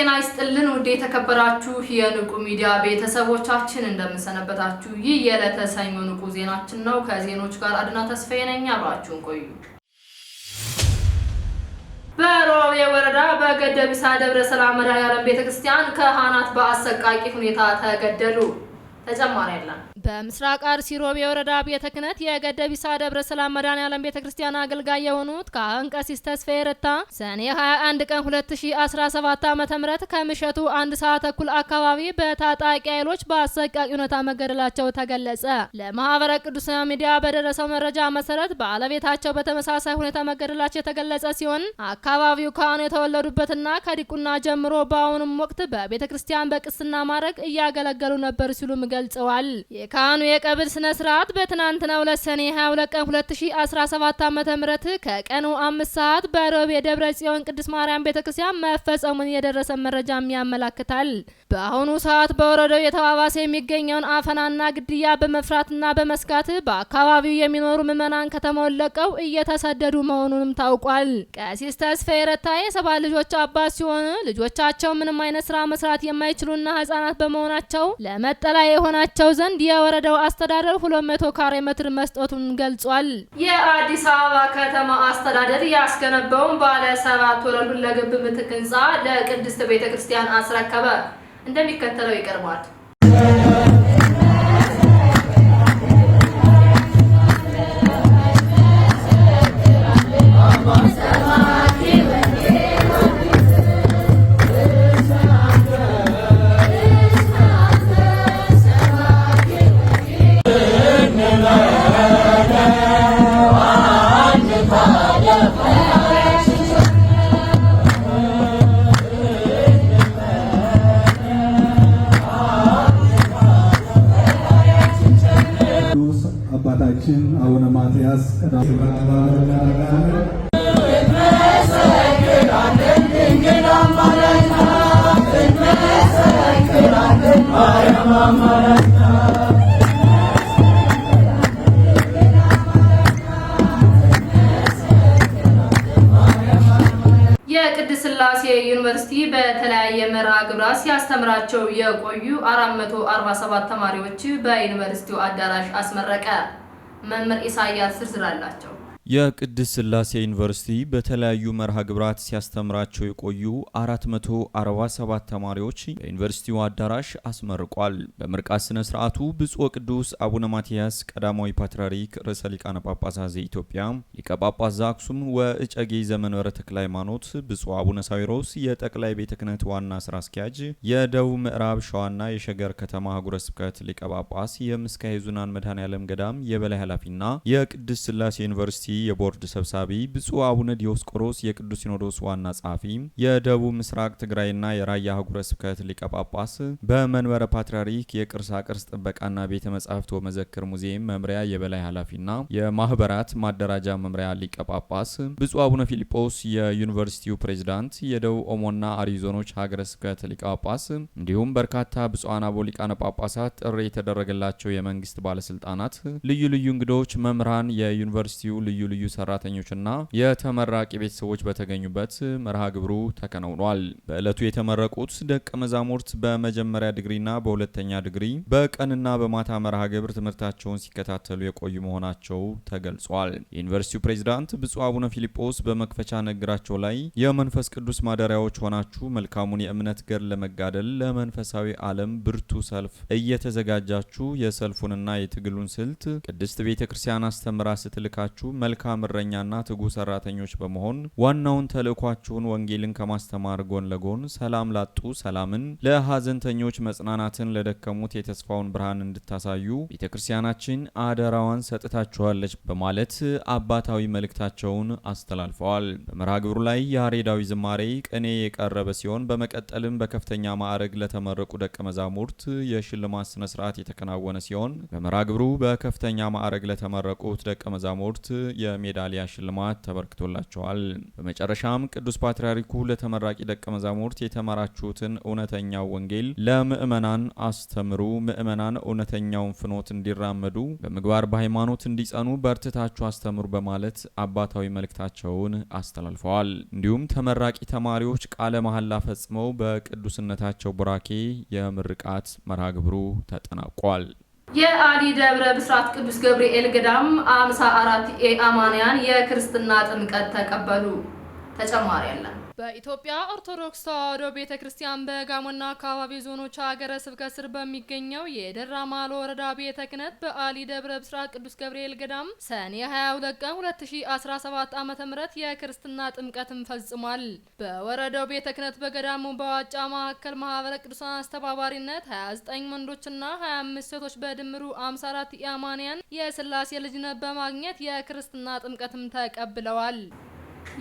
ጤና ይስጥልን ውድ የተከበራችሁ የንቁ ሚዲያ ቤተሰቦቻችን እንደምንሰነበታችሁ። ይህ የዕለተ ሰኞ ንቁ ዜናችን ነው። ከዜኖች ጋር አድና ተስፋዬ ነኝ። አብራችሁን ቆዩ። በሮቤ ወረዳ በገደብሳ ደብረ ሰላም መድኃኔዓለም ቤተክርስቲያን ካህናት በአሰቃቂ ሁኔታ ተገደሉ። ተጨማሪ ያለን በምስራቅ አርሲ ሮቤ ወረዳ ቤተ ክህነት የገደቢሳ ደብረ ሰላም መድኃኔዓለም ቤተ ክርስቲያን አገልጋይ የሆኑት ካህን ቀሲስ ተስፋዬ ረታ ሰኔ 21 ቀን 2017 ዓ ም ከምሽቱ አንድ ሰዓት ተኩል አካባቢ በታጣቂ ኃይሎች በአሰቃቂ ሁኔታ መገደላቸው ተገለጸ። ለማህበረ ቅዱስ ሚዲያ በደረሰው መረጃ መሰረት ባለቤታቸው በተመሳሳይ ሁኔታ መገደላቸው የተገለጸ ሲሆን አካባቢው ካህኑ የተወለዱበትና ከዲቁና ጀምሮ በአሁኑም ወቅት በቤተ ክርስቲያን በቅስና ማድረግ እያገለገሉ ነበር ሲሉም ገልጸዋል። የካህኑ የቀብር ስነ ስርዓት በትናንትናው ዕለት ሰኔ 22 ቀን 2017 ዓ.ም ከቀኑ አምስት ሰዓት በሮብ የደብረ ጽዮን ቅድስት ማርያም ቤተክርስቲያን መፈጸሙን የደረሰ መረጃም ያመላክታል። በአሁኑ ሰዓት በወረዳው የተባባሰ የሚገኘውን አፈናና ግድያ በመፍራትና በመስጋት በአካባቢው የሚኖሩ ምዕመናን ከተማውን ለቀው እየተሰደዱ መሆኑንም ታውቋል። ቀሲስ ተስፋዬ ረታ የሰባ ልጆች አባት ሲሆኑ ልጆቻቸው ምንም አይነት ስራ መስራት የማይችሉና ህጻናት በመሆናቸው ለመጠለያ የሆናቸው ዘንድ ለወረዳው አስተዳደር 200 ካሬ ሜትር መስጠቱን ገልጿል። የአዲስ አበባ ከተማ አስተዳደር ያስገነባውን ባለ ሰባት ወለል ሁለገብ ምትክ ህንፃ ለቅድስት ቤተ ክርስቲያን አስረከበ። እንደሚከተለው ይቀርባል። አባታችን አቡነ ማትያስ የቅድስት ሥላሴ ዩኒቨርሲቲ በተለያየ መርሃ ግብራት ሲያስተምራቸው የቆዩ 447 ተማሪዎች በዩኒቨርሲቲው አዳራሽ አስመረቀ። መምህር ኢሳያስ ዝርዝር አላቸው። የቅድስት ስላሴ ዩኒቨርሲቲ በተለያዩ መርሃ ግብራት ሲያስተምራቸው የቆዩ 447 ተማሪዎች በዩኒቨርሲቲው አዳራሽ አስመርቋል። በምርቃት ስነ ስርዓቱ ብፁዕ ቅዱስ አቡነ ማትያስ ቀዳማዊ ፓትርያርክ ርዕሰ ሊቃነ ጳጳሳት ዘኢትዮጵያ ሊቀ ጳጳስ ዘአክሱም ወእጨጌ ዘመንበረ ተክለ ሃይማኖት፣ ብፁዕ አቡነ ሳዊሮስ የጠቅላይ ቤተ ክህነት ዋና ስራ አስኪያጅ፣ የደቡብ ምዕራብ ሸዋና የሸገር ከተማ አህጉረ ስብከት ሊቀ ጳጳስ፣ የምስካየ ኅዙናን መድኃኔ ዓለም ገዳም የበላይ ኃላፊና የቅድስት ስላሴ ዩኒቨርሲቲ የቦርድ ሰብሳቢ፣ ብፁዕ አቡነ ዲዮስቆሮስ የቅዱስ ሲኖዶስ ዋና ጸሐፊ፣ የደቡብ ምስራቅ ትግራይና የራያ አህጉረ ስብከት ሊቀ ጳጳስ፣ በመንበረ ፓትርያርክ የቅርሳ ቅርስ ጥበቃና ቤተ መጻሕፍት ወመዘክር ሙዚየም መምሪያ የበላይ ኃላፊና የማህበራት ማደራጃ መምሪያ ሊቀ ጳጳስ፣ ብፁዕ አቡነ ፊልጶስ የዩኒቨርሲቲው ፕሬዚዳንት፣ የደቡብ ኦሞና አሪዞኖች ሀገረ ስብከት ሊቀ ጳጳስ እንዲሁም በርካታ ብፁዓን አቦ ሊቃነ ጳጳሳት፣ ጥሪ የተደረገላቸው የመንግስት ባለስልጣናት፣ ልዩ ልዩ እንግዶች፣ መምህራን፣ የዩኒቨርሲቲው ልዩ ልዩ ልዩ ሰራተኞችና የተመራቂ ቤተሰቦች በተገኙበት መርሃ ግብሩ ተከናውኗል። በዕለቱ የተመረቁት ደቀ መዛሙርት በመጀመሪያ ዲግሪና በሁለተኛ ዲግሪ በቀንና በማታ መርሃ ግብር ትምህርታቸውን ሲከታተሉ የቆዩ መሆናቸው ተገልጿል። የዩኒቨርሲቲው ፕሬዚዳንት ብፁዕ አቡነ ፊልጶስ በመክፈቻ ንግግራቸው ላይ የመንፈስ ቅዱስ ማደሪያዎች ሆናችሁ መልካሙን የእምነት ገር ለመጋደል ለመንፈሳዊ ዓለም ብርቱ ሰልፍ እየተዘጋጃችሁ የሰልፉንና የትግሉን ስልት ቅድስት ቤተ ክርስቲያን አስተምራ ስትልካችሁ መልካም እረኛና ትጉህ ሰራተኞች በመሆን ዋናውን ተልእኳችሁን ወንጌልን ከማስተማር ጎን ለጎን ሰላም ላጡ ሰላምን፣ ለሀዘንተኞች መጽናናትን፣ ለደከሙት የተስፋውን ብርሃን እንድታሳዩ ቤተ ክርስቲያናችን አደራዋን ሰጥታችኋለች በማለት አባታዊ መልእክታቸውን አስተላልፈዋል። በመርሃ ግብሩ ላይ ያሬዳዊ ዝማሬ ቅኔ የቀረበ ሲሆን በመቀጠልም በከፍተኛ ማዕረግ ለተመረቁ ደቀ መዛሙርት የሽልማት ስነ ስርዓት የተከናወነ ሲሆን በመርሃ ግብሩ በከፍተኛ ማዕረግ ለተመረቁት ደቀ መዛሙርት የሜዳሊያ ሽልማት ተበርክቶላቸዋል። በመጨረሻም ቅዱስ ፓትርያርኩ ለተመራቂ ደቀ መዛሙርት የተማራችሁትን እውነተኛው ወንጌል ለምዕመናን አስተምሩ፣ ምዕመናን እውነተኛውን ፍኖት እንዲራመዱ በምግባር በሃይማኖት እንዲጸኑ በርትታችሁ አስተምሩ በማለት አባታዊ መልእክታቸውን አስተላልፈዋል። እንዲሁም ተመራቂ ተማሪዎች ቃለ መሐላ ፈጽመው በቅዱስነታቸው ቡራኬ የምርቃት መርሃ ግብሩ ተጠናቋል። የአዲ ደብረ ብስራት ቅዱስ ገብርኤል ገዳም አምሳ አራት አማንያን የክርስትና ጥምቀት ተቀበሉ። ተጨማሪ ያለን በኢትዮጵያ ኦርቶዶክስ ተዋሕዶ ቤተ ክርስቲያን በጋሞና አካባቢ ዞኖች ሀገረ ስብከት ስር በሚገኘው የደራ ማሎ ወረዳ ቤተ ክህነት በአሊ ደብረ ብስራት ቅዱስ ገብርኤል ገዳም ሰኔ 22 ቀን 2017 ዓ ም የክርስትና ጥምቀትን ፈጽሟል። በወረዳው ቤተ ክህነት በገዳሙ በዋጫ ማዕከል ማህበረ ቅዱሳን አስተባባሪነት 29 ወንዶችና 25 ሴቶች በድምሩ 54 ኢአማንያን የስላሴ ልጅነት በማግኘት የክርስትና ጥምቀትም ተቀብለዋል።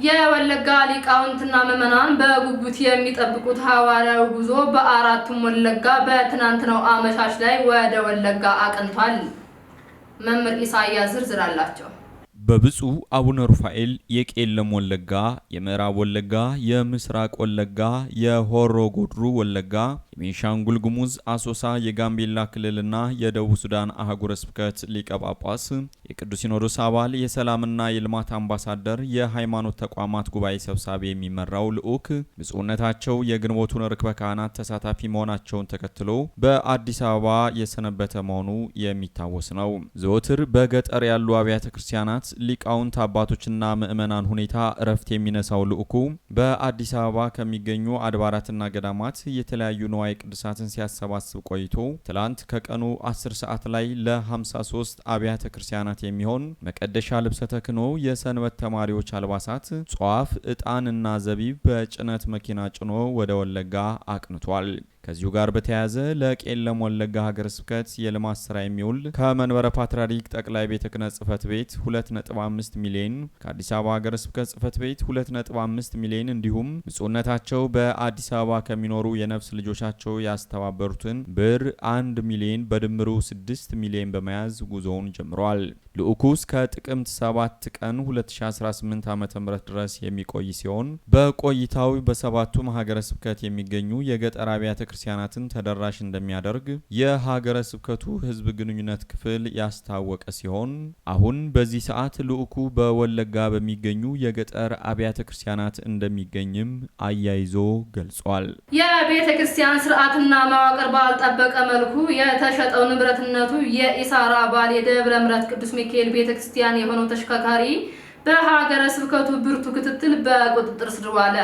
የወለጋ ሊቃውንትና ምዕመናን በጉጉት የሚጠብቁት ሐዋርያዊ ጉዞ በአራቱም ወለጋ በትናንትናው አመሻሽ ላይ ወደ ወለጋ አቅንቷል። መምህር ኢሳያስ ዝርዝር አላቸው። በብፁዕ አቡነ ሩፋኤል የቄለም ወለጋ፣ የምዕራብ ወለጋ፣ የምስራቅ ወለጋ፣ የሆሮ ጉድሩ ወለጋ፣ የቤንሻንጉል ጉሙዝ አሶሳ፣ የጋምቤላ ክልልና የደቡብ ሱዳን አህጉረ ስብከት ሊቀ ጳጳስ፣ የቅዱስ ሲኖዶስ አባል፣ የሰላምና የልማት አምባሳደር፣ የሃይማኖት ተቋማት ጉባኤ ሰብሳቢ የሚመራው ልዑክ ብፁዕነታቸው የግንቦቱን ርክበ ካህናት ተሳታፊ መሆናቸውን ተከትሎ በአዲስ አበባ የሰነበተ መሆኑ የሚታወስ ነው። ዘወትር በገጠር ያሉ አብያተ ክርስቲያናት ሊቃውንት አባቶችና ምእመናን ሁኔታ እረፍት የሚነሳው ልዑኩ በአዲስ አበባ ከሚገኙ አድባራትና ገዳማት የተለያዩ ንዋይ ቅዱሳትን ሲያሰባስብ ቆይቶ ትላንት ከቀኑ 10 ሰዓት ላይ ለ53 አብያተ ክርስቲያናት የሚሆን መቀደሻ ልብሰ ተክኖ የሰንበት ተማሪዎች አልባሳት፣ ጧፍ፣ ዕጣንና ዘቢብ በጭነት መኪና ጭኖ ወደ ወለጋ አቅንቷል። ከዚሁ ጋር በተያያዘ ለቄለም ወለጋ ሀገረ ስብከት የልማት ስራ የሚውል ከመንበረ ፓትርያርክ ጠቅላይ ቤተ ክህነት ጽህፈት ቤት 2.5 ሚሊዮን፣ ከአዲስ አበባ ሀገረ ስብከት ጽህፈት ቤት 2.5 ሚሊዮን እንዲሁም ብፁዕነታቸው በአዲስ አበባ ከሚኖሩ የነፍስ ልጆቻቸው ያስተባበሩትን ብር 1 ሚሊዮን በድምሩ 6 ሚሊዮን በመያዝ ጉዞውን ጀምሯል። ልዑኩ እስከ ጥቅምት 7 ቀን 2018 ዓ ም ድረስ የሚቆይ ሲሆን በቆይታው በሰባቱም ሀገረ ስብከት የሚገኙ የገጠር አብያተ ክርስቲያናትን ተደራሽ እንደሚያደርግ የሀገረ ስብከቱ ህዝብ ግንኙነት ክፍል ያስታወቀ ሲሆን አሁን በዚህ ሰዓት ልዑኩ በወለጋ በሚገኙ የገጠር አብያተ ክርስቲያናት እንደሚገኝም አያይዞ ገልጿል። የቤተ ክርስቲያን ስርዓትና መዋቅር ባልጠበቀ መልኩ የተሸጠው ንብረትነቱ የኢሳራ ባል የደብረ ምረት ቅዱስ ሚካኤል ቤተ ክርስቲያን የሆነው ተሽከርካሪ በሀገረ ስብከቱ ብርቱ ክትትል በቁጥጥር ስር ዋለ።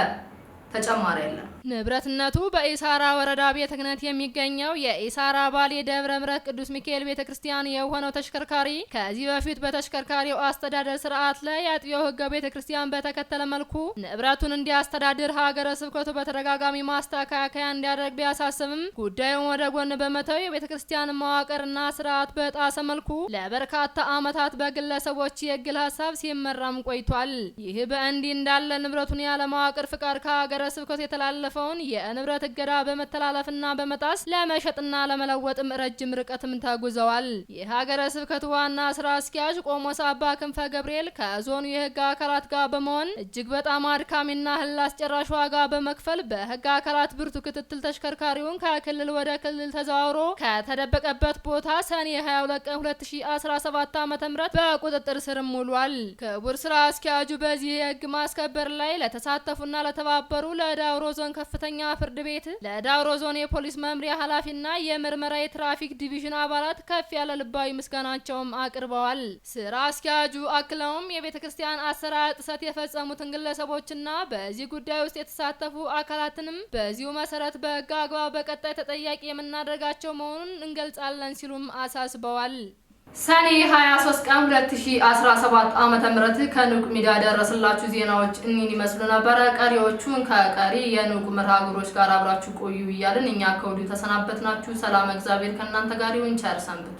ተጨማሪ የለም። ንብረትነቱ በኢሳራ ወረዳ ቤተ ክህነት የሚገኘው የኢሳራ ባሌ ደብረ ምረት ቅዱስ ሚካኤል ቤተ ክርስቲያን የሆነው ተሽከርካሪ ከዚህ በፊት በተሽከርካሪው አስተዳደር ስርዓት ላይ አጥቢያው ህገ ቤተ ክርስቲያን በተከተለ መልኩ ንብረቱን እንዲያስተዳድር ሀገረ ስብከቱ በተደጋጋሚ ማስተካከያ እንዲያደርግ ቢያሳስብም ጉዳዩን ወደ ጎን በመተው የቤተ ክርስቲያን መዋቅርና ስርዓት በጣሰ መልኩ ለበርካታ አመታት በግለሰቦች የግል ሀሳብ ሲመራም ቆይቷል። ይህ በእንዲህ እንዳለ ንብረቱን ያለ መዋቅር ፍቃድ ከሀገረ ስብከቱ የተላለፈ ያለፈውን የንብረት እገዳ በመተላለፍና በመጣስ ለመሸጥና ለመለወጥም ረጅም ርቀትም ተጉዘዋል። የሀገረ ስብከቱ ዋና ስራ አስኪያጅ ቆሞስ አባ ክንፈ ገብርኤል ከዞኑ የህግ አካላት ጋር በመሆን እጅግ በጣም አድካሚና ህል አስጨራሽ ዋጋ በመክፈል በህግ አካላት ብርቱ ክትትል ተሽከርካሪውን ከክልል ወደ ክልል ተዘዋውሮ ከተደበቀበት ቦታ ሰኔ 22 ቀን 2017 ዓ.ም በቁጥጥር ስርም ውሏል። ክቡር ስራ አስኪያጁ በዚህ የህግ ማስከበር ላይ ለተሳተፉና ለተባበሩ ለዳውሮ ዞን ከፍተኛ ፍርድ ቤት ለዳውሮ ዞን የፖሊስ መምሪያ ኃላፊና የምርመራ የትራፊክ ዲቪዥን አባላት ከፍ ያለ ልባዊ ምስጋናቸውም አቅርበዋል። ስራ አስኪያጁ አክለውም የቤተ ክርስቲያን አሰራር ጥሰት የፈጸሙትን ግለሰቦችና በዚህ ጉዳይ ውስጥ የተሳተፉ አካላትንም በዚሁ መሰረት በህግ አግባብ በቀጣይ ተጠያቂ የምናደርጋቸው መሆኑን እንገልጻለን ሲሉም አሳስበዋል። ሰኔ 23 ቀን 2017 ዓ.ም ከንቁ ሚዲያ ደረስላችሁ ዜናዎች እኒን ይመስሉ ነበረ። ቀሪዎቹን ከቀሪ የንቁ መርሃ ግብሮች ጋር አብራችሁ ቆዩ እያልን እኛ ከወዲሁ ተሰናበትናችሁ። ሰላም፣ እግዚአብሔር ከእናንተ ጋር ይሁን። ቸር ሰንብቱ።